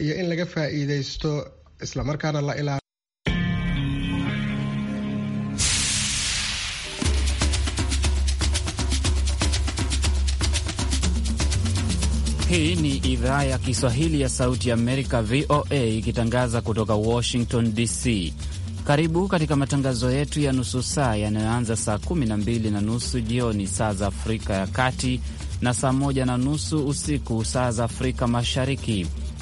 iyo in laga faa'iidaysto markaana la ilaa Hii ni idhaa ya Kiswahili ya Sauti ya Amerika, VOA, ikitangaza kutoka Washington DC. Karibu katika matangazo yetu ya nusu saa yanayoanza saa 12 na nusu jioni saa za Afrika ya Kati na saa 1 na nusu usiku saa za Afrika Mashariki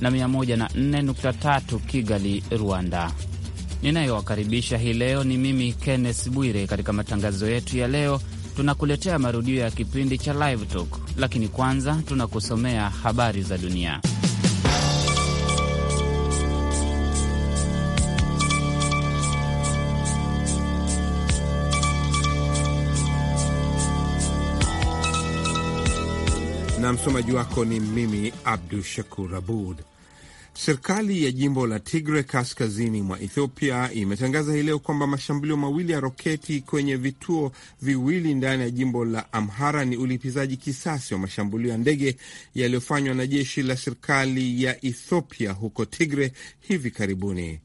na 104.3 Kigali, Rwanda. Ninayowakaribisha hii leo ni mimi Kenneth Bwire. Katika matangazo yetu ya leo, tunakuletea marudio ya kipindi cha Live Talk, lakini kwanza tunakusomea habari za dunia. na msomaji wako ni mimi Abdu Shakur Abud. Serikali ya jimbo la Tigre kaskazini mwa Ethiopia imetangaza hii leo kwamba mashambulio mawili ya roketi kwenye vituo viwili ndani ya jimbo la Amhara ni ulipizaji kisasi wa mashambulio ya ndege yaliyofanywa na jeshi la serikali ya Ethiopia huko Tigre hivi karibuni.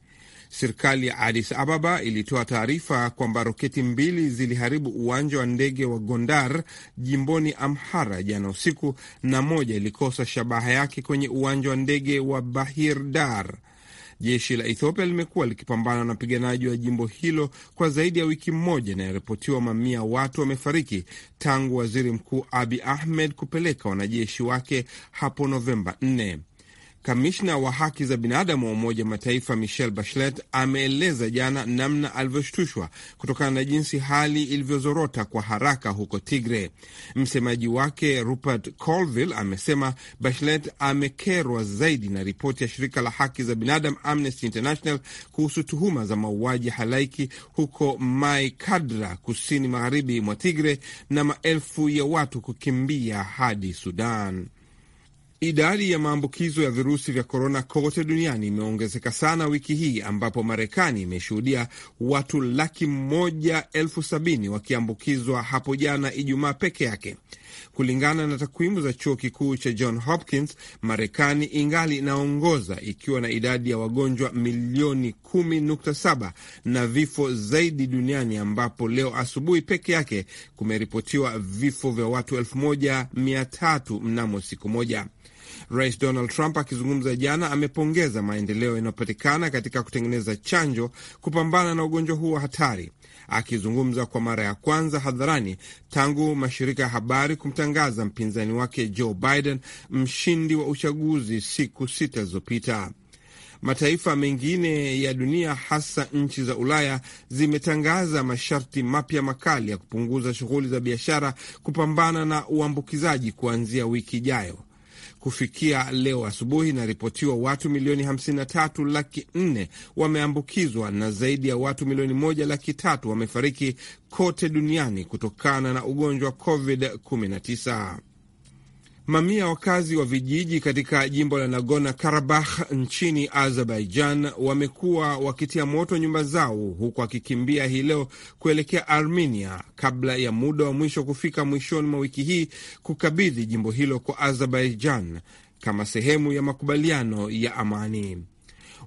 Serikali ya adis Ababa ilitoa taarifa kwamba roketi mbili ziliharibu uwanja wa ndege wa Gondar jimboni Amhara jana usiku, na moja ilikosa shabaha yake kwenye uwanja wa ndege wa Bahir Dar. Jeshi la Ethiopia limekuwa likipambana na wapiganaji wa jimbo hilo kwa zaidi ya wiki moja, na inaripotiwa mamia watu wamefariki tangu waziri mkuu Abi Ahmed kupeleka wanajeshi wake hapo Novemba 4. Kamishna wa haki za binadamu wa Umoja Mataifa Michelle Bachelet ameeleza jana namna alivyoshtushwa kutokana na jinsi hali ilivyozorota kwa haraka huko Tigre. Msemaji wake Rupert Colville amesema Bachelet amekerwa zaidi na ripoti ya shirika la haki za binadamu Amnesty International kuhusu tuhuma za mauaji halaiki huko Mai Kadra, kusini magharibi mwa Tigre, na maelfu ya watu kukimbia hadi Sudan. Idadi ya maambukizo ya virusi vya korona kote duniani imeongezeka sana wiki hii ambapo Marekani imeshuhudia watu laki moja elfu sabini wakiambukizwa hapo jana Ijumaa peke yake. Kulingana na takwimu za chuo kikuu cha John Hopkins, Marekani ingali inaongoza ikiwa na idadi ya wagonjwa milioni 10.7 na vifo zaidi duniani, ambapo leo asubuhi peke yake kumeripotiwa vifo vya watu 1300 mnamo siku moja. Rais Donald Trump akizungumza jana amepongeza maendeleo yanayopatikana katika kutengeneza chanjo kupambana na ugonjwa huo wa hatari. Akizungumza kwa mara ya kwanza hadharani tangu mashirika ya habari kumtangaza mpinzani wake Joe Biden mshindi wa uchaguzi siku sita zilizopita. Mataifa mengine ya dunia hasa nchi za Ulaya zimetangaza masharti mapya makali ya kupunguza shughuli za biashara kupambana na uambukizaji kuanzia wiki ijayo. Kufikia leo asubuhi, inaripotiwa watu milioni 53 laki 4 wameambukizwa na zaidi ya watu milioni moja laki tatu wamefariki kote duniani kutokana na ugonjwa wa COVID-19. Mamia wakazi wa vijiji katika jimbo la nagona Karabakh nchini Azerbaijan wamekuwa wakitia moto nyumba zao huku wakikimbia hii leo kuelekea Armenia kabla ya muda wa mwisho kufika mwishoni mwa wiki hii kukabidhi jimbo hilo kwa Azerbaijan kama sehemu ya makubaliano ya amani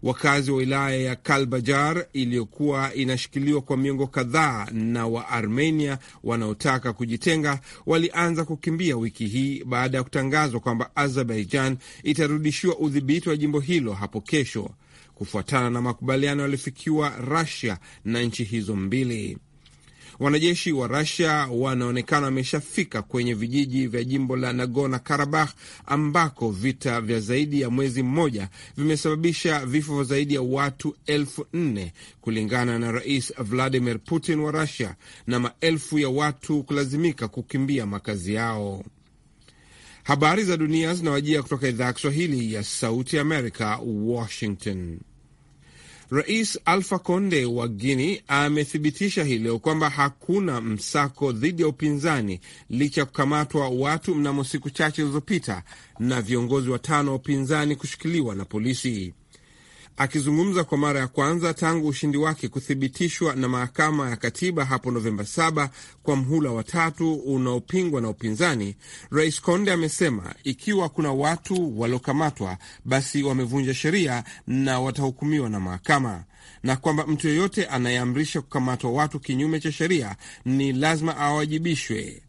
wakazi wa wilaya ya Kalbajar iliyokuwa inashikiliwa kwa miongo kadhaa na Waarmenia wanaotaka kujitenga walianza kukimbia wiki hii baada ya kutangazwa kwamba Azerbaijan itarudishiwa udhibiti wa jimbo hilo hapo kesho kufuatana na makubaliano yaliyofikiwa rasia na nchi hizo mbili. Wanajeshi wa Rasia wanaonekana wameshafika kwenye vijiji vya jimbo la Nagorno Karabakh ambako vita vya zaidi ya mwezi mmoja vimesababisha vifo vya zaidi ya watu elfu nne kulingana na Rais Vladimir Putin wa Rasia na maelfu ya watu kulazimika kukimbia makazi yao. Habari za dunia zinawajia kutoka idhaa ya Kiswahili ya Sauti Amerika, Washington. Rais Alfa conde wa Guini amethibitisha hii leo kwamba hakuna msako dhidi ya upinzani licha ya kukamatwa watu mnamo siku chache zilizopita na viongozi watano wa upinzani kushikiliwa na polisi. Akizungumza kwa mara ya kwanza tangu ushindi wake kuthibitishwa na mahakama ya katiba hapo Novemba 7 kwa mhula wa tatu unaopingwa na upinzani, Rais Konde amesema ikiwa kuna watu waliokamatwa, basi wamevunja sheria na watahukumiwa na mahakama, na kwamba mtu yeyote anayeamrisha kukamatwa watu kinyume cha sheria ni lazima awajibishwe.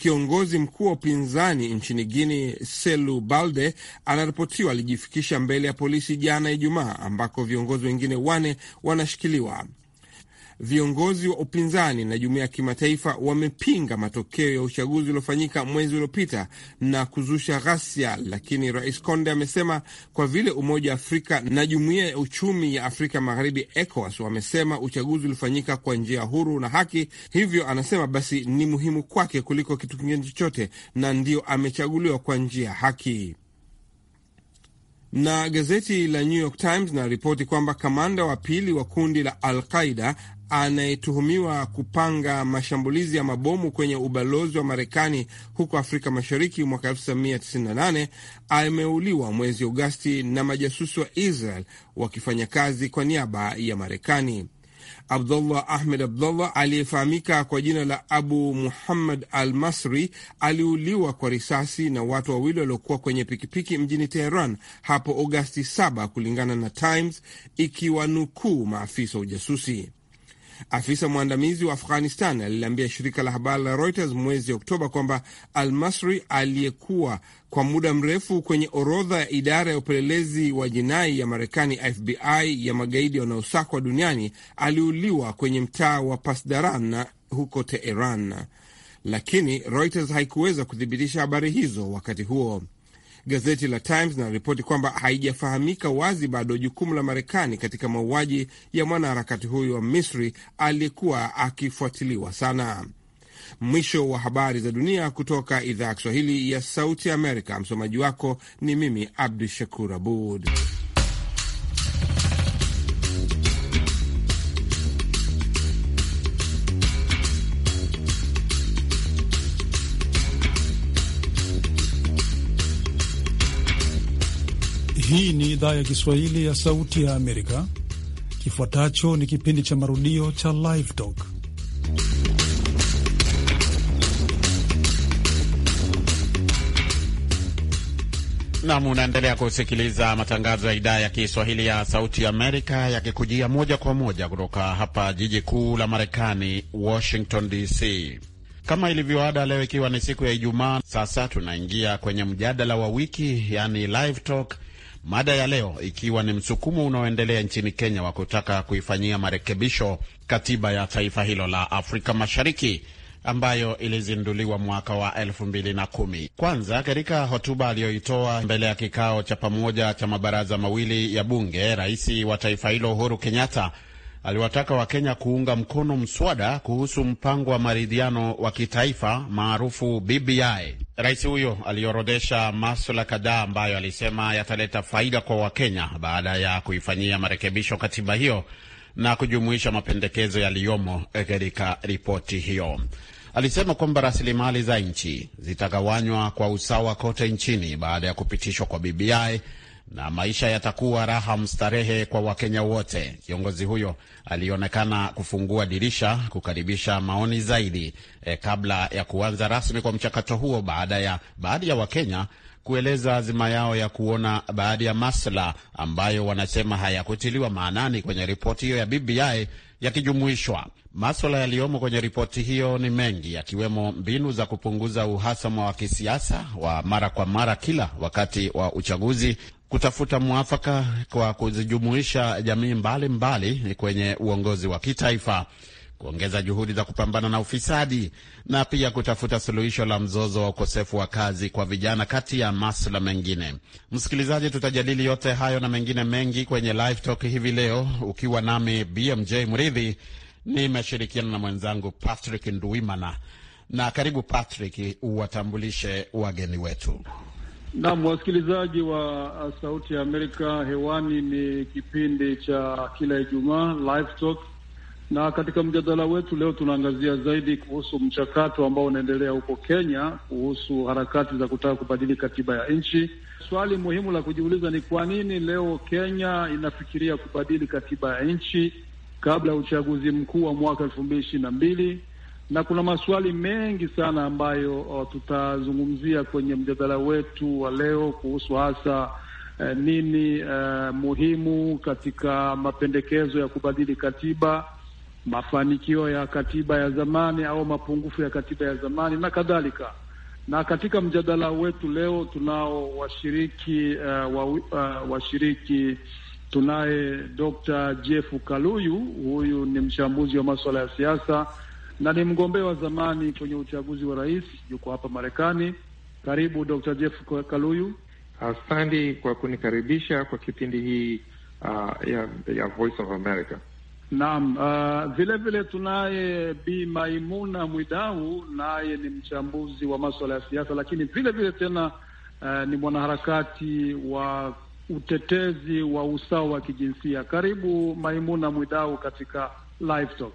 Kiongozi mkuu wa upinzani nchini Guini, Selu Balde, anaripotiwa alijifikisha mbele ya polisi jana Ijumaa, ambako viongozi wengine wane wanashikiliwa viongozi wa upinzani na jumuiya ya kimataifa wamepinga matokeo ya uchaguzi uliofanyika mwezi uliopita na kuzusha ghasia, lakini Rais conde amesema kwa vile Umoja wa Afrika na Jumuiya ya Uchumi ya Afrika Magharibi ECOWAS wamesema uchaguzi ulifanyika kwa njia huru na haki, hivyo anasema basi ni muhimu kwake kuliko kitu kingine chochote, na ndio amechaguliwa kwa njia ya haki na gazeti la New York Times linaripoti kwamba kamanda wa pili wa kundi la Al Qaida anayetuhumiwa kupanga mashambulizi ya mabomu kwenye ubalozi wa Marekani huko Afrika Mashariki mwaka 1998 ameuliwa mwezi Agosti na majasusi wa Israel wakifanya kazi kwa niaba ya Marekani. Abdullah Ahmed Abdullah aliyefahamika kwa jina la Abu Muhammad Al Masri aliuliwa kwa risasi na watu wawili waliokuwa kwenye pikipiki mjini Teheran hapo Agosti 7 kulingana na Times ikiwanukuu maafisa wa ujasusi. Afisa mwandamizi wa Afghanistan aliliambia shirika la habari la Reuters mwezi Oktoba kwamba Al-Masri aliyekuwa kwa muda mrefu kwenye orodha ya idara ya upelelezi wa jinai ya Marekani FBI ya magaidi wanaosakwa duniani aliuliwa kwenye mtaa wa Pasdaran huko Teheran, lakini Reuters haikuweza kuthibitisha habari hizo wakati huo. Gazeti la Times linaripoti kwamba haijafahamika wazi bado jukumu la Marekani katika mauaji ya mwanaharakati huyo wa Misri aliyekuwa akifuatiliwa sana. Mwisho wa habari za dunia kutoka idhaa ya Kiswahili ya Sauti Amerika. Msomaji wako ni mimi Abdu Shakur Abud. Hii ni idhaa ya Kiswahili ya Sauti ya Amerika. Kifuatacho ni kipindi cha marudio cha Live Talk. Nam, unaendelea kusikiliza matangazo ya idhaa ya Kiswahili ya Sauti Amerika yakikujia moja kwa moja kutoka hapa jiji kuu la Marekani, Washington DC. Kama ilivyoada, leo ikiwa ni siku ya Ijumaa, sasa tunaingia kwenye mjadala wa wiki, yani Live Talk mada ya leo ikiwa ni msukumo unaoendelea nchini Kenya wa kutaka kuifanyia marekebisho katiba ya taifa hilo la Afrika Mashariki ambayo ilizinduliwa mwaka wa elfu mbili na kumi. Kwanza, katika hotuba aliyoitoa mbele ya kikao cha pamoja cha mabaraza mawili ya bunge, rais wa taifa hilo Uhuru Kenyatta aliwataka Wakenya kuunga mkono mswada kuhusu mpango wa maridhiano wa kitaifa maarufu BBI. Rais huyo aliorodhesha maswala kadhaa ambayo alisema yataleta faida kwa Wakenya baada ya kuifanyia marekebisho katiba hiyo na kujumuisha mapendekezo yaliyomo eh, katika ripoti hiyo. Alisema kwamba rasilimali za nchi zitagawanywa kwa usawa kote nchini baada ya kupitishwa kwa BBI na maisha yatakuwa raha mstarehe kwa Wakenya wote. Kiongozi huyo alionekana kufungua dirisha kukaribisha maoni zaidi eh, kabla ya kuanza rasmi kwa mchakato huo, baada ya baadhi ya Wakenya kueleza azima yao ya kuona baadhi ya masuala ambayo wanasema hayakutiliwa maanani kwenye ripoti hiyo ya BBI yakijumuishwa. Maswala yaliyomo kwenye ripoti hiyo ni mengi, yakiwemo mbinu za kupunguza uhasama wa kisiasa wa mara kwa mara kila wakati wa uchaguzi kutafuta mwafaka kwa kuzijumuisha jamii mbalimbali mbali kwenye uongozi wa kitaifa, kuongeza juhudi za kupambana na ufisadi na pia kutafuta suluhisho la mzozo wa ukosefu wa kazi kwa vijana, kati ya masuala mengine. Msikilizaji, tutajadili yote hayo na mengine mengi kwenye Live Talk hivi leo, ukiwa nami BMJ Mridhi, nimeshirikiana na mwenzangu Patrick nduimana Na karibu Patrick, uwatambulishe wageni wetu. Naam, wasikilizaji wa uh, Sauti ya Amerika, hewani ni kipindi cha kila Ijumaa Live Talk, na katika mjadala wetu leo tunaangazia zaidi kuhusu mchakato ambao unaendelea huko Kenya kuhusu harakati za kutaka kubadili katiba ya nchi. Swali muhimu la kujiuliza ni kwa nini leo Kenya inafikiria kubadili katiba ya nchi kabla ya uchaguzi mkuu wa mwaka elfu mbili ishirini na mbili na kuna maswali mengi sana ambayo uh, tutazungumzia kwenye mjadala wetu wa leo kuhusu hasa eh, nini eh, muhimu katika mapendekezo ya kubadili katiba, mafanikio ya katiba ya zamani au mapungufu ya katiba ya zamani na kadhalika. Na katika mjadala wetu leo tunao washiriki eh, wa, uh, washiriki tunaye Dr. Jeff Kaluyu, huyu ni mchambuzi wa masuala ya siasa na ni mgombea wa zamani kwenye uchaguzi wa rais, yuko hapa Marekani. Karibu Dr. Jeff Kaluyu. Asante kwa kunikaribisha kwa kipindi hii uh, ya, ya Voice of America. Naam, uh, vile vile tunaye Bi Maimuna Mwidau, naye ni mchambuzi wa maswala ya siasa, lakini vile vile tena uh, ni mwanaharakati wa utetezi wa usawa wa kijinsia. Karibu Maimuna Mwidau katika Live Talk.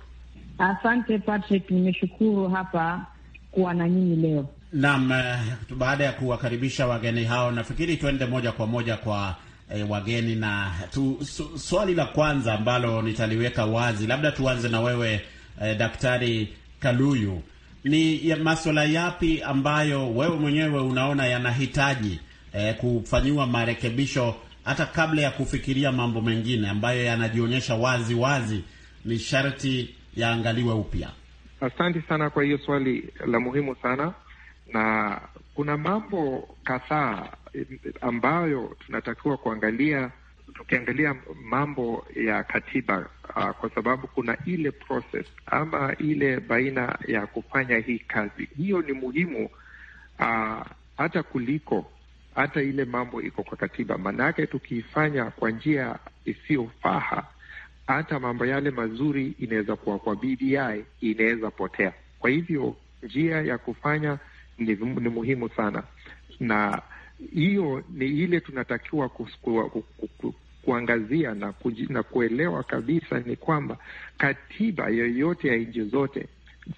Asante Patrick, nimeshukuru hapa kuwa na nyinyi leo. Naam, eh, baada ya kuwakaribisha wageni hao, nafikiri tuende moja kwa moja kwa eh, wageni na tu, su, swali la kwanza ambalo nitaliweka wazi, labda tuanze na wewe eh, Daktari Kaluyu, ni ya maswala yapi ambayo wewe mwenyewe unaona yanahitaji eh, kufanyiwa marekebisho hata kabla ya kufikiria mambo mengine ambayo yanajionyesha wazi wazi ni sharti yaangaliwe upya? Asante sana kwa hiyo swali la muhimu sana, na kuna mambo kadhaa eh, ambayo tunatakiwa kuangalia tukiangalia mambo ya katiba uh, kwa sababu kuna ile process ama ile baina ya kufanya hii kazi, hiyo ni muhimu uh, hata kuliko hata ile mambo iko kwa katiba, maanake tukiifanya kwa njia isiyofaa hata mambo yale mazuri inaweza kuwa kwa BBI inaweza potea. Kwa hivyo njia ya kufanya ni, ni muhimu sana, na hiyo ni ile tunatakiwa kuskua, kuangazia na, na kuelewa kabisa ni kwamba katiba yoyote ya nchi zote,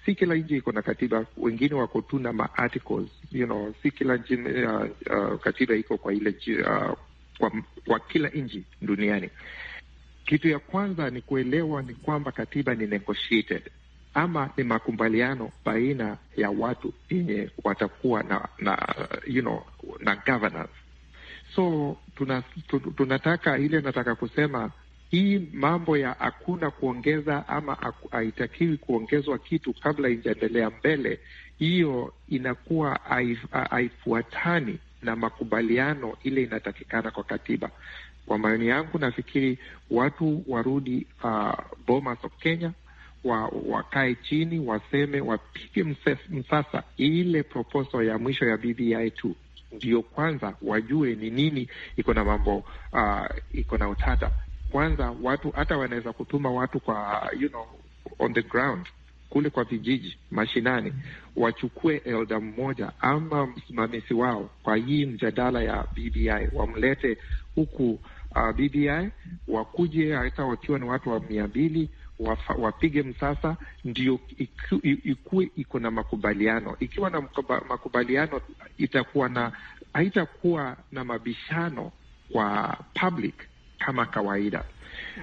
si kila nchi iko na katiba, wengine wako tu na ma-articles you know, si kila nchi uh, uh, katiba iko kwa ile uh, kwa, kwa kila nchi duniani kitu ya kwanza ni kuelewa ni kwamba katiba ni negotiated ama ni makubaliano baina ya watu yenye watakuwa na na you know, na governance. So tuna, tunataka ile nataka kusema hii mambo ya hakuna kuongeza ama haitakiwi kuongezwa kitu kabla ijaendelea mbele, hiyo inakuwa haifuatani na makubaliano ile inatakikana kwa katiba. Kwa maoni yangu, nafikiri watu warudi uh, Bomas of Kenya wa, wakae chini waseme, wapige msasa ile proposal ya mwisho ya BBI tu ndio kwanza wajue ni nini iko na mambo uh, iko na utata. Kwanza watu hata wanaweza kutuma watu kwa you know, on the ground kule kwa vijiji mashinani, wachukue elda mmoja ama msimamizi wao kwa hii mjadala ya BBI wamlete huku uh, ah, BBI wakuje hata wakiwa ni watu wa mia mbili wapige msasa, ndio ikuwe iko na makubaliano. Ikiwa na makubaliano, itakuwa na haitakuwa na mabishano kwa public kama kawaida.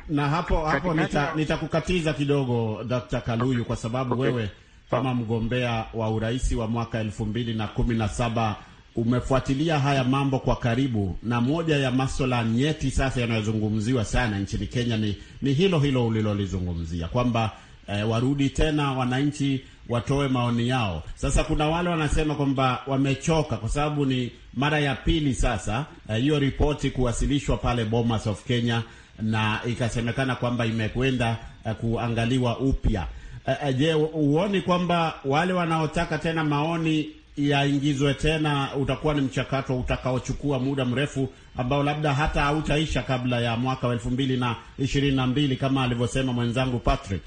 Na hapo hapo nitakukatiza nita kidogo Dr. Kaluyu, okay. kwa sababu okay. wewe kama mgombea wa urais wa mwaka elfu mbili na kumi na saba umefuatilia haya mambo kwa karibu, na moja ya maswala nyeti sasa yanayozungumziwa sana nchini Kenya ni, ni hilo hilo ulilolizungumzia kwamba eh, warudi tena wananchi watoe maoni yao. Sasa kuna wale wanasema kwamba wamechoka kwa sababu ni mara ya pili sasa eh, hiyo eh, ripoti kuwasilishwa pale Bomas of Kenya na ikasemekana kwamba imekwenda eh, kuangaliwa upya. Eh, eh je, huoni kwamba wale wanaotaka tena maoni yaingizwe tena, utakuwa ni mchakato utakaochukua muda mrefu ambao labda hata hautaisha kabla ya mwaka wa elfu mbili na ishirini na mbili kama alivyosema mwenzangu Patrick.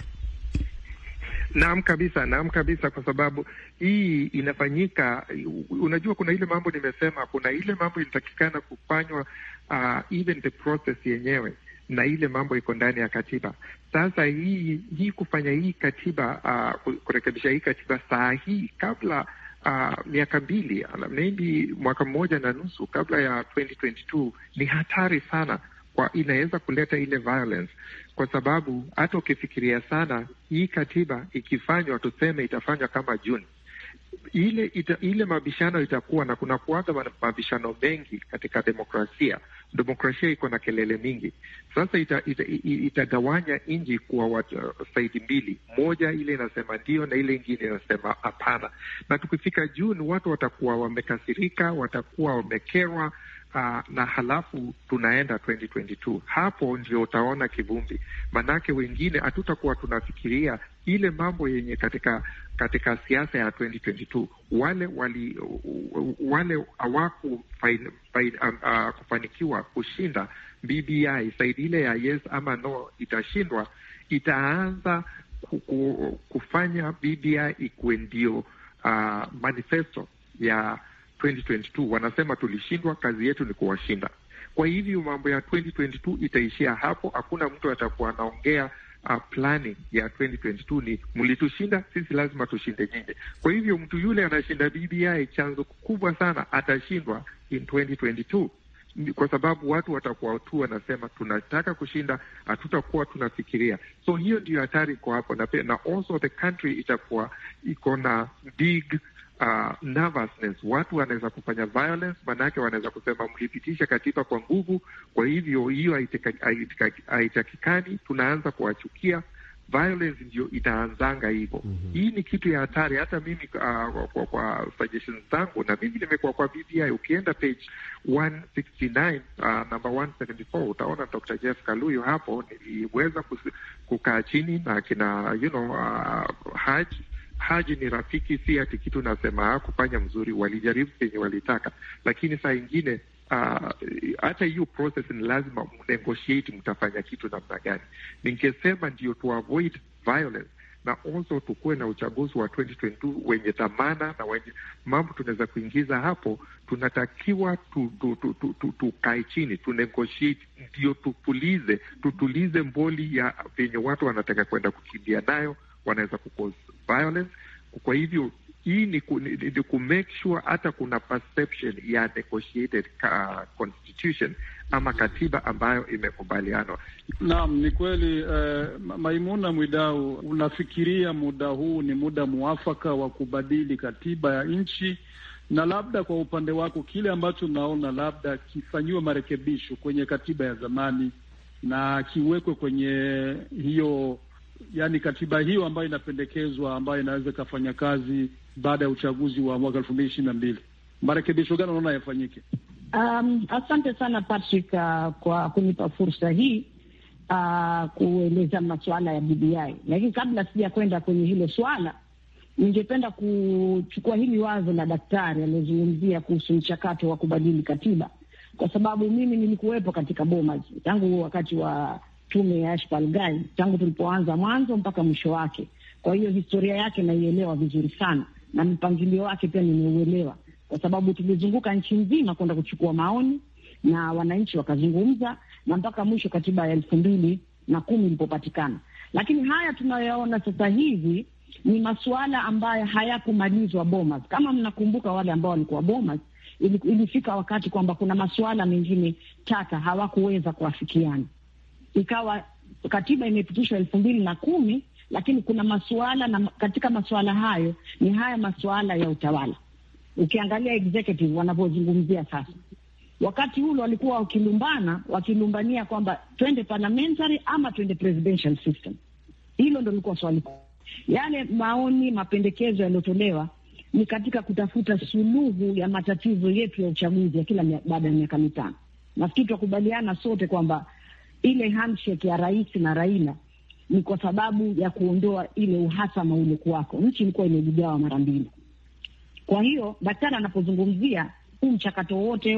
Naam kabisa, naam kabisa, kwa sababu hii inafanyika. Unajua, kuna ile mambo nimesema, kuna ile mambo inatakikana kufanywa, uh, even the process yenyewe na ile mambo iko ndani ya katiba. Sasa hii hii kufanya hii katiba, uh, kurekebisha hii katiba saa hii kabla uh, miaka mbili maybe mwaka mmoja na nusu kabla ya 2022 ni hatari sana kwa, inaweza kuleta ile violence kwa sababu hata ukifikiria sana, hii katiba ikifanywa, tuseme itafanywa kama Juni ile ita, ile mabishano itakuwa na kuna kuaga mabishano mengi katika demokrasia. Demokrasia iko na kelele mingi. Sasa itagawanya ita, ita nchi kuwa saidi mbili, moja ile inasema ndio na ile ingine inasema hapana. Na tukifika Juni watu watakuwa wamekasirika, watakuwa wamekerwa. Uh, na halafu tunaenda 2022 hapo ndio utaona kivumbi, manake wengine hatutakuwa tunafikiria ile mambo yenye katika katika siasa ya 2022 wale wali wale hawakufanikiwa um, uh, kushinda BBI saidi ile ya yes ama no itashindwa, itaanza kuku, kufanya BBI ikuwe ndio uh, manifesto ya 2022. Wanasema tulishindwa, kazi yetu ni kuwashinda. Kwa hivyo mambo ya 2022 itaishia hapo, hakuna mtu atakuwa anaongea uh, planning ya 2022 ni mlitushinda sisi, lazima tushinde nyinyi. Kwa hivyo mtu yule anashinda BBI, chanzo kubwa sana atashindwa in 2022 kwa sababu watu watakuwa tu wanasema tunataka kushinda, hatutakuwa tunafikiria. So hiyo ndio hatari iko hapo, na also the country itakuwa iko na big uh, nervousness. Watu wanaweza kufanya violence, maanake wanaweza kusema mlipitisha katiba kwa nguvu, kwa hivyo hiyo haitakikani, tunaanza kuwachukia. Violence ndio itaanzanga hivyo. mm -hmm. Hii ni kitu ya hatari. Hata mimi uh, kwa, kwa suggestions zangu na mimi nimekuwa kwa BBI, ukienda page 169 uh, number 174 utaona Dr. Jeff Kaluyu hapo niliweza kukaa chini na kina you know, uh, Haji Haji ni rafiki, si hati kitu nasema ah, kufanya mzuri, walijaribu kenye walitaka, lakini saa ingine ah, hata uh, hiyo process ni lazima mnegotiate, mtafanya kitu namna gani. Ningesema ndio tu avoid violence na also tukuwe na uchaguzi wa 2022 wenye dhamana na wenye mambo tunaweza kuingiza hapo. Tunatakiwa tukae tu, tu, tu, tu, tu, chini tunegotiate, ndio tupulize, tutulize mboli ya venye watu wanataka kwenda kukimbia nayo wanaweza violence. Kwa hivyo hii ni, ku, ni, ni ku make sure hata kuna perception ya negotiated uh, constitution ama katiba ambayo imekubalianwa. Naam, ni kweli eh. Maimuna Mwidau, unafikiria muda huu ni muda mwafaka wa kubadili katiba ya nchi? Na labda kwa upande wako kile ambacho unaona labda kifanyiwe marekebisho kwenye katiba ya zamani na kiwekwe kwenye hiyo yani katiba hiyo ambayo inapendekezwa ambayo inaweza ikafanya kazi baada ya uchaguzi wa mwaka elfu mbili ishirini na mbili marekebisho gani unaona yafanyike? Um, asante sana Patrick, uh, kwa kunipa fursa hii uh, kueleza masuala ya BBI, lakini kabla sija kwenda kwenye hilo swala, ningependa kuchukua hili wazo la daktari aliyozungumzia kuhusu mchakato wa kubadili katiba, kwa sababu mimi nilikuwepo katika Bomas tangu wakati wa tume ya Ashbalgal tangu tulipoanza mwanzo mpaka mwisho wake. Kwa hiyo historia yake naielewa vizuri sana na mpangilio wake pia nimeuelewa, kwa sababu tulizunguka nchi nzima kwenda kuchukua maoni na wananchi wakazungumza, na mpaka mwisho katiba ya elfu mbili na kumi ilipopatikana. Lakini haya tunayoona sasa hivi ni masuala ambayo hayakumalizwa Bomas. Kama mnakumbuka wale ambao walikuwa Bomas, ilifika wakati kwamba kuna masuala mengine tata hawakuweza kuafikiana ikawa katiba imepitishwa elfu mbili na kumi, lakini kuna masuala na katika masuala hayo ni haya masuala ya utawala. Ukiangalia executive wanavyozungumzia sasa, wakati hule walikuwa wakilumbana, wakilumbania kwamba twende parliamentary ama twende presidential system. Hilo ndo likuwa swali kuu. Yale maoni, mapendekezo yaliyotolewa ni katika kutafuta suluhu ya matatizo yetu ya uchaguzi ya kila baada ya miaka mitano. Nafikiri twakubaliana sote kwamba ile handshake ya rais na Raila ni kwa sababu ya kuondoa ile uhasama uliokuwako. Nchi ilikuwa imejigawa mara mbili. Kwa hiyo daktari anapozungumzia huu mchakato wote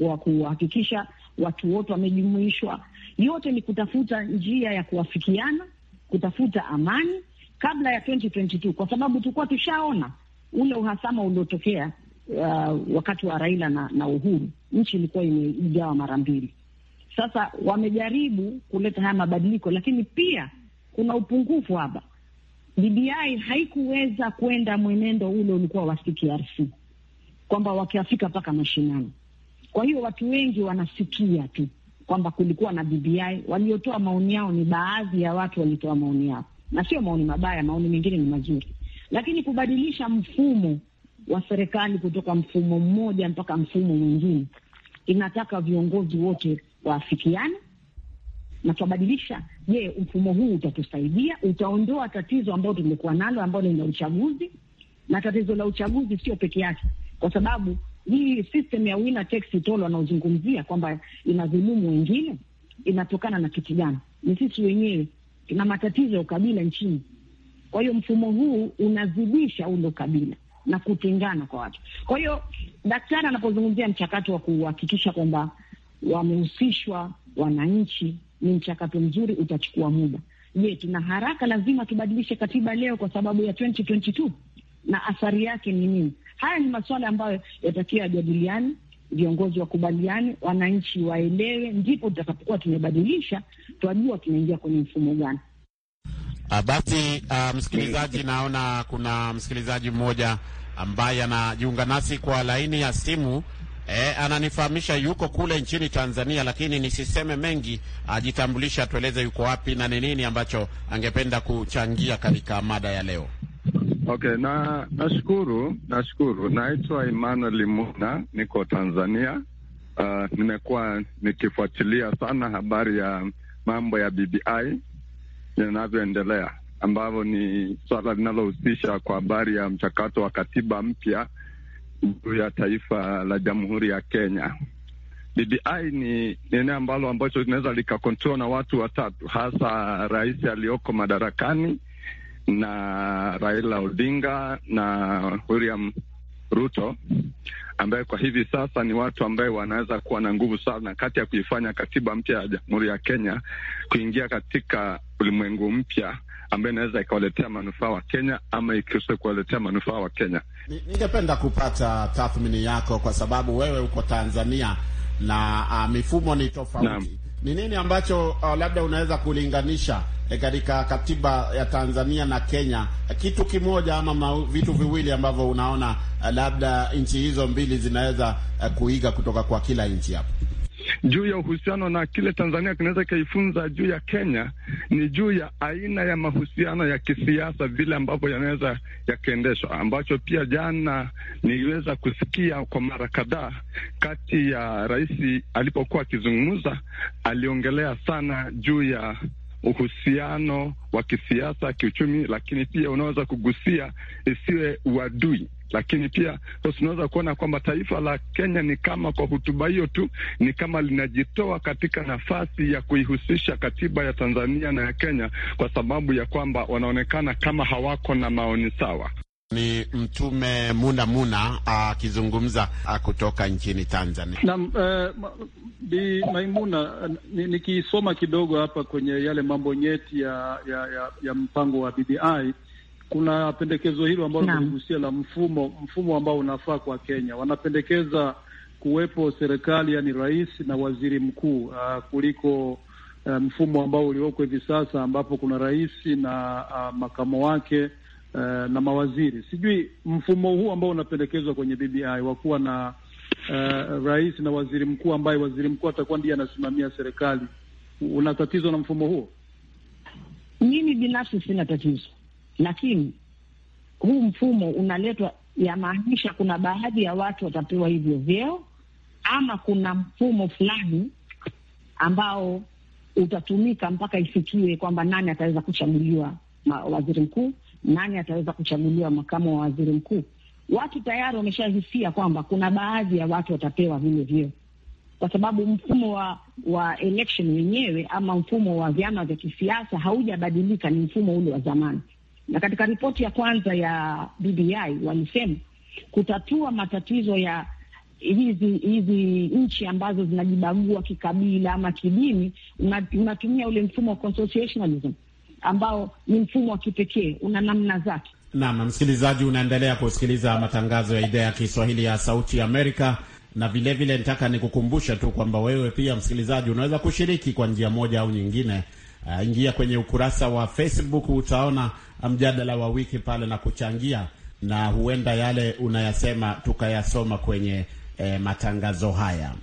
wa kuhakikisha watu wote wamejumuishwa, yote ni kutafuta njia ya kuwafikiana, kutafuta amani kabla ya 2022 kwa sababu tulikuwa tushaona ule uhasama uliotokea uh, wakati wa Raila na, na Uhuru. Nchi ilikuwa imejigawa mara mbili. Sasa wamejaribu kuleta haya mabadiliko, lakini pia kuna upungufu hapa. BBI haikuweza kwenda mwenendo ule ulikuwa wa CRC kwamba wakiafika mpaka mashinani. Kwa hiyo watu wengi wanasikia tu kwamba kulikuwa na BBI. Waliotoa maoni yao ni baadhi ya watu walitoa maoni yao, na sio maoni mabaya, maoni mengine ni mazuri, lakini kubadilisha mfumo wa serikali kutoka mfumo mmoja mpaka mfumo mwingine inataka viongozi wote waafikiana na tuwabadilisha. Je, mfumo huu utatusaidia? Utaondoa tatizo ambayo tumekuwa nalo ambayo ni la uchaguzi, na tatizo la uchaguzi sio peke yake, kwa sababu hii system ya winner takes it all wanaozungumzia kwamba inadhulumu wengine inatokana na kitu gani? Ni sisi wenyewe tuna matatizo ya ukabila nchini. Kwa hiyo mfumo huu unazidisha ule ukabila na kutengana kwa watu. Kwa hiyo daktari anapozungumzia mchakato wa kuhakikisha kwamba wamehusishwa wananchi, ni mchakato mzuri, utachukua muda. Je, tuna haraka? Lazima tubadilishe katiba leo kwa sababu ya 2022 na athari yake ni nini? Haya ni masuala ambayo yatakiwa yajadiliani, viongozi wakubaliani, wananchi waelewe, ndipo tutakapokuwa tumebadilisha, twajua tunaingia kwenye mfumo gani. Ah, basi uh, msikilizaji, naona kuna msikilizaji mmoja ambaye anajiunga nasi kwa laini ya simu eh, ananifahamisha yuko kule nchini Tanzania, lakini nisiseme mengi. ajitambulisha atueleze yuko wapi na ni nini ambacho angependa kuchangia katika mada ya leo. Okay, na nashukuru, nashukuru. Naitwa Emmanuel Muna, niko Tanzania. Uh, nimekuwa nikifuatilia sana habari ya mambo ya BBI yanavyoendelea, ambavyo ni swala linalohusisha kwa habari ya mchakato wa katiba mpya juu ya taifa la Jamhuri ya Kenya. BBI ni eneo ambalo ambacho linaweza likakontrol na watu watatu, hasa rais aliyoko madarakani na Raila Odinga na William Ruto, ambaye kwa hivi sasa ni watu ambaye wanaweza kuwa na nguvu sana kati ya kuifanya katiba mpya ya Jamhuri ya Kenya kuingia katika ulimwengu mpya ambayo inaweza ikawaletea manufaa wa Kenya ama ikiusa kuwaletea manufaa wa Kenya. Ningependa kupata tathmini yako kwa sababu wewe uko Tanzania na uh, mifumo ni tofauti. Ni nini ambacho uh, labda unaweza kulinganisha eh, katika katiba ya Tanzania na Kenya, kitu kimoja ama ma, vitu viwili ambavyo unaona ah, labda nchi hizo mbili zinaweza eh, kuiga kutoka kwa kila nchi hapo? juu ya uhusiano na kile Tanzania kinaweza ikaifunza juu ya Kenya ni juu ya aina ya mahusiano ya kisiasa vile ambavyo yanaweza yakaendeshwa, ambacho pia jana niliweza kusikia kwa mara kadhaa kati ya rais alipokuwa akizungumza, aliongelea sana juu ya uhusiano wa kisiasa, kiuchumi, lakini pia unaweza kugusia isiwe uadui lakini pia tunaweza kuona kwamba taifa la Kenya ni kama kwa hotuba hiyo tu ni kama linajitoa katika nafasi ya kuihusisha katiba ya Tanzania na ya Kenya kwa sababu ya kwamba wanaonekana kama hawako na maoni sawa. Ni Mtume Muna Muna ah, akizungumza ah, kutoka nchini Tanzania. Naam, uh, Bi Maimuna, nikisoma ni kidogo hapa kwenye yale mambo nyeti ya, ya, ya, ya mpango wa BBI kuna pendekezo hilo ambalo limegusia la mfumo mfumo ambao unafaa kwa Kenya. Wanapendekeza kuwepo serikali, yani rais na waziri mkuu, uh, kuliko uh, mfumo ambao ulioko hivi sasa ambapo kuna rais na uh, makamo wake uh, na mawaziri. Sijui mfumo huu ambao unapendekezwa kwenye BBI wa kuwa na uh, rais na waziri mkuu, ambaye waziri mkuu atakuwa ndiye anasimamia serikali, una tatizo na mfumo huo? Mimi binafsi sina tatizo lakini huu mfumo unaletwa, yamaanisha kuna baadhi ya watu watapewa hivyo vyeo, ama kuna mfumo fulani ambao utatumika mpaka ifikiwe kwamba nani ataweza kuchaguliwa waziri mkuu, nani ataweza kuchaguliwa makamu wa waziri mkuu. Watu tayari wameshahisia kwamba kuna baadhi ya watu watapewa vile vyeo, kwa sababu mfumo wa wa election wenyewe ama mfumo wa vyama vya kisiasa haujabadilika, ni mfumo ule wa zamani. Na katika ripoti ya kwanza ya BBI walisema kutatua matatizo ya hizi hizi nchi ambazo zinajibagua kikabila ama kidini, unatumia ule mfumo wa consociationalism ambao ni mfumo wa kipekee, una namna zake. Naam, msikilizaji, unaendelea kusikiliza matangazo ya idhaa ya Kiswahili ya Sauti ya Amerika na vilevile, nataka nikukumbushe tu kwamba wewe pia msikilizaji unaweza kushiriki kwa njia moja au nyingine Uh, ingia kwenye ukurasa wa Facebook utaona eh, mjadala wa wiki pale na kuchangia, na huenda yale unayasema tukayasoma kwenye eh, matangazo haya.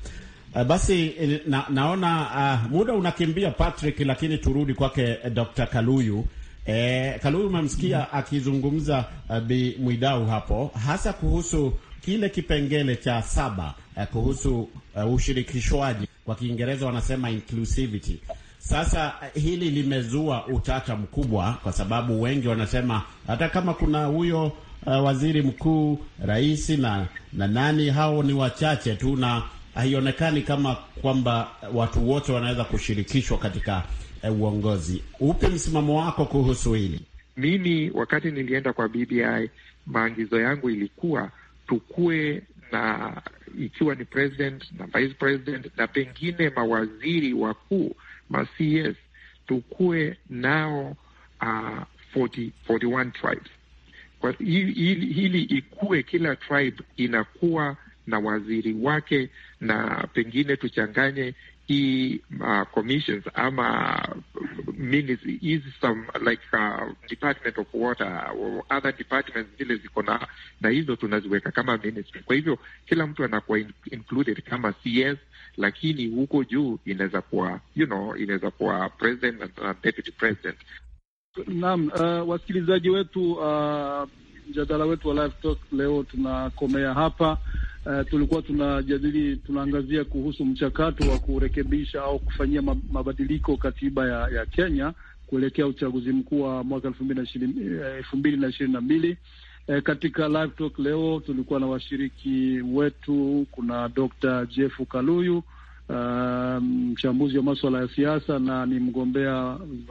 Uh, basi na, naona uh, muda unakimbia Patrick, lakini turudi kwake Dr. Kaluyu. Eh, Kaluyu umemsikia mm -hmm. akizungumza uh, Bi Mwidau hapo hasa kuhusu kile kipengele cha saba uh, kuhusu uh, ushirikishwaji kwa Kiingereza wanasema inclusivity sasa eh, hili limezua utata mkubwa, kwa sababu wengi wanasema hata kama kuna huyo uh, waziri mkuu, rais na, na nani, hao ni wachache tu, na haionekani kama kwamba watu wote wanaweza kushirikishwa katika uh, uongozi. Upi msimamo wako kuhusu hili? Mimi wakati nilienda kwa BBI, maagizo yangu ilikuwa tukue na ikiwa ni president na vice president na pengine mawaziri wakuu basi yes, tukuwe nao uh, 40, 41 tribes. Kwa hili, hili ikuwe kila tribe inakuwa na waziri wake na pengine tuchanganye hii uh, commissions ama hizi is some like uh, department of water or other departments zile ziko na na hizo tunaziweka kama ministry. Kwa hivyo kila mtu anakuwa included kama CS, lakini huko juu inaweza kuwa you know, inaweza kuwa president and deputy president. Naam, uh, wasikilizaji wetu, uh, mjadala uh, wetu wa live talk leo tunakomea hapa uh, tulikuwa tunajadili tunaangazia kuhusu mchakato wa kurekebisha au kufanyia mabadiliko katiba ya, ya Kenya kuelekea uchaguzi mkuu wa mwaka elfu mbili na ishirini eh, na mbili. E, katika live talk leo tulikuwa na washiriki wetu, kuna Dr. Jeff Kaluyu mchambuzi um, wa maswala ya siasa na ni mgombea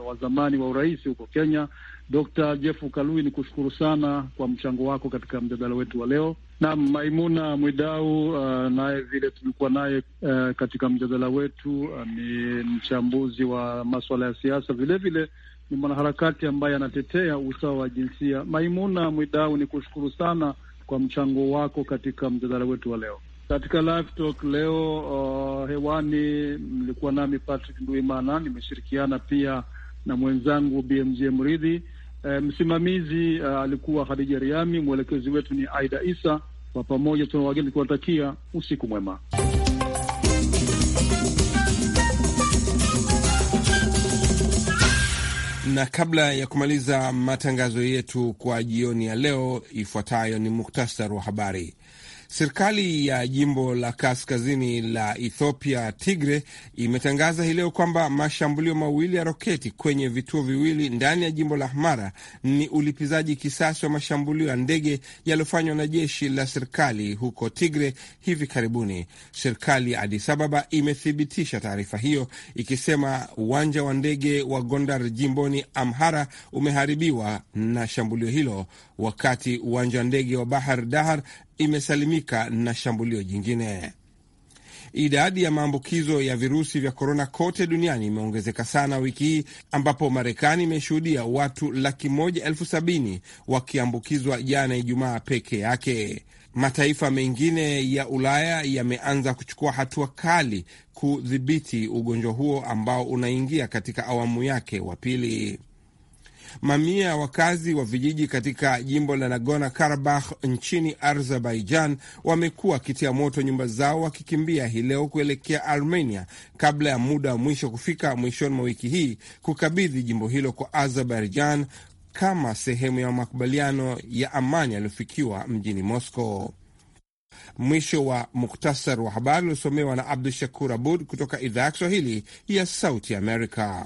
wa zamani wa urais huko Kenya. Dkt. Jeff kalui ni kushukuru sana kwa mchango wako katika mjadala wetu wa leo. Naam, Maimuna Mwidau uh, naye vile tulikuwa naye uh, katika mjadala wetu uh, ni mchambuzi wa maswala ya siasa, vilevile ni mwanaharakati ambaye anatetea usawa wa jinsia. Maimuna Mwidau, ni kushukuru sana kwa mchango wako katika mjadala wetu wa leo. Katika Live Talk leo uh, hewani mlikuwa nami Patrick Nduimana, nimeshirikiana pia na mwenzangu BMJ Mridhi. E, msimamizi uh, alikuwa Hadija Riami, mwelekezi wetu ni Aida Isa. Kwa pamoja tuna wageni kuwatakia usiku mwema. Na kabla ya kumaliza matangazo yetu kwa jioni ya leo, ifuatayo ni muktasari wa habari. Serikali ya jimbo la kaskazini la Ethiopia, Tigre, imetangaza hii leo kwamba mashambulio mawili ya roketi kwenye vituo viwili ndani ya jimbo la Amhara ni ulipizaji kisasi wa mashambulio ya ndege yaliyofanywa na jeshi la serikali huko Tigre hivi karibuni. Serikali ya Addis Ababa imethibitisha taarifa hiyo ikisema uwanja wa ndege wa Gondar jimboni Amhara umeharibiwa na shambulio hilo, wakati uwanja wa ndege wa Bahar Dahar imesalimika na shambulio jingine. Idadi ya maambukizo ya virusi vya korona kote duniani imeongezeka sana wiki hii ambapo Marekani imeshuhudia watu laki moja elfu sabini wakiambukizwa jana Ijumaa peke yake. Mataifa mengine ya Ulaya yameanza kuchukua hatua kali kudhibiti ugonjwa huo ambao unaingia katika awamu yake wa pili. Mamia ya wakazi wa vijiji katika jimbo la Nagorno Karabakh nchini Azerbaijan wamekuwa wakitia moto nyumba zao wakikimbia hii leo kuelekea Armenia kabla ya muda wa mwisho kufika mwishoni mwa wiki hii kukabidhi jimbo hilo kwa Azerbaijan kama sehemu ya makubaliano ya amani yaliyofikiwa mjini Moscow. Mwisho wa muktasar wa habari uliosomewa na Abdu Shakur Abud kutoka idhaa ya Kiswahili ya Sauti Amerika.